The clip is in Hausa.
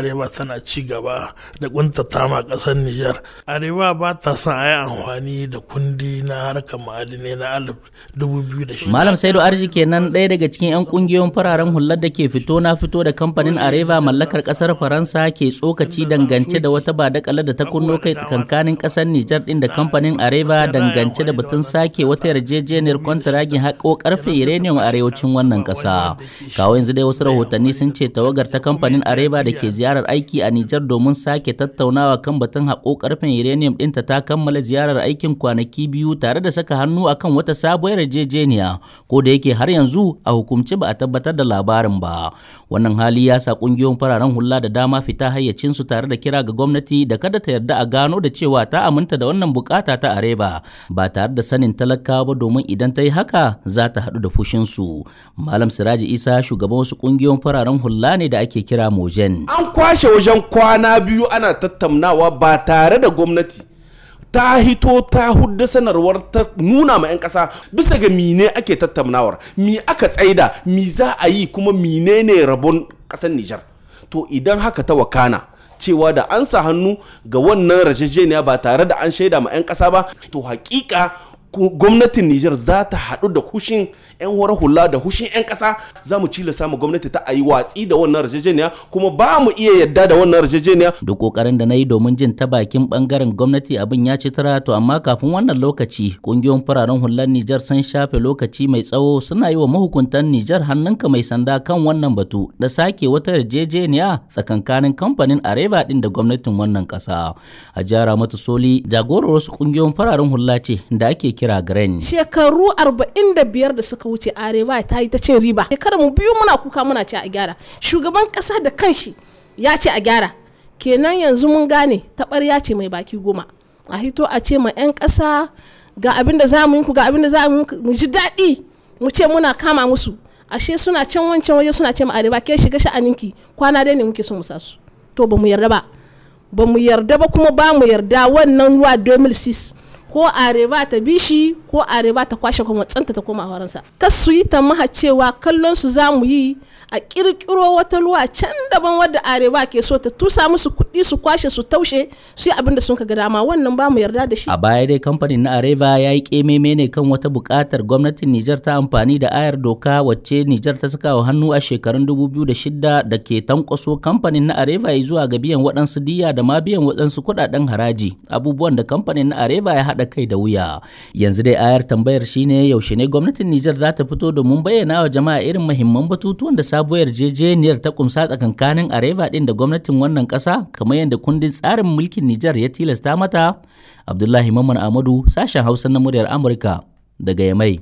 arewa tana ci gaba da kuntata ma kasar Nijar. Arewa ba ta son a yi amfani da kundi na harkar ma'adinai na alif dubu biyu da shida. Malam Saidu Arji kenan ɗaya daga cikin 'yan ƙungiyoyin fararen hular da ke fito na fito da kamfanin Arewa mallakar kasar Faransa ke tsokaci dangance da wata badakala da ta kunno kai tsakankanin kasar Nijar din da kamfanin Arewa dangance da batun sake wata yarjejeniyar kwantiragin haƙo ƙarfe uranium arewacin wannan ƙasa. Kawo yanzu dai wasu rahotanni sun ce tawagar ta kamfanin arewa da ke ziyara ziyarar aiki a Nijar domin sake tattaunawa kan batun haƙo ƙarfin uranium ɗinta ta kammala ziyarar aikin kwanaki biyu tare da saka hannu akan wata sabuwar yarjejeniya ko da yake har yanzu a hukumce ba a tabbatar da labarin ba. Wannan hali ya sa ƙungiyoyin fararen hula da dama fita hayyacin su tare da kira ga gwamnati da kada ta yarda a gano da cewa ta aminta da wannan bukata ta Areba ba tare da sanin talakawa ba domin idan ta yi haka za ta haɗu da fushin su Malam Siraji Isa shugaban wasu ƙungiyoyin fararen hula ne da ake kira Mojen. kwashe wajen kwana biyu ana tattaunawa ba tare da gwamnati ta hito ta hudda sanarwar ta nuna ma 'yan kasa bisa ga mine ake tattaunawar mi aka tsaida mi za a yi kuma mine ne rabon ƙasar nijar to idan haka ta wakana cewa da an sa hannu ga wannan rajajeniya ba tare da an shaida ma 'yan kasa ba to hakika gwamnatin Nijar za ta haɗu da hushin 'yan wara hula da hushin 'yan ƙasa za mu cilasa samu gwamnati ta a yi watsi da wannan yarjejeniya kuma ba mu iya yadda da wannan yarjejeniya. Duk ƙoƙarin da na yi domin jin ta bakin ɓangaren gwamnati abin ya ci tara to amma kafin wannan lokaci ƙungiyoyin fararen hular Nijar sun shafe lokaci mai tsawo suna yi wa mahukuntan Nijar hannunka mai sanda kan wannan batu da sake wata yarjejeniya tsakankanin kamfanin Areva ɗin da gwamnatin wannan ƙasa. Hajara Matu Soli jagorar wasu ƙungiyoyin fararen hula ce da ake kira kira grain shekaru 45 da suka wuce arewa ta yi ta ce riba shekarar mu biyu muna kuka muna ce a gyara shugaban kasa da kanshi ya ce a gyara kenan yanzu mun gane tabar ya ce mai baki goma a hito a ce ma 'yan kasa ga abin da za mu yi ku ga abin da za mu yi mu ji daɗi mu ce muna kama musu ashe suna can wancan waje suna ce ma arewa ke shiga sha'aninki kwana dai ne muke so mu sa su to ba mu yarda ba ba mu yarda ba kuma ba mu yarda wannan ruwa 2006 ko areba ta bishi shi ko areba ta kwashe kuma tsanta ta koma faransa ta su yi maha cewa kallon su za mu yi a kirkiro wata luwa can daban wadda areba ke so ta tusa musu kuɗi su kwashe su taushe su yi abin da sun ka gada ma wannan ba mu yarda da shi a baya dai kamfanin na areva ya yi kememe ne kan wata buƙatar gwamnatin nijar ta amfani da ayar doka wacce nijar ta saka wa hannu a shekarun 2006 da ke tankwaso kamfanin na areva ya zuwa ga biyan waɗansu diya da ma biyan waɗansu kuɗaɗen haraji abubuwan da kamfanin na areva ya haɗa kai da wuya yanzu dai ayar tambayar shine yaushe ne gwamnatin Nijar za ta fito domin bayyana wa jama'a irin muhimman batutuwan da sabuwar jejeniyar ta kumsa tsakankanin Areva din da gwamnatin wannan ƙasa kamar yadda kundin tsarin mulkin Nijar ya tilasta mata Abdullahi Mamman Amadu sashen Hausa na muryar Amurka daga Yamai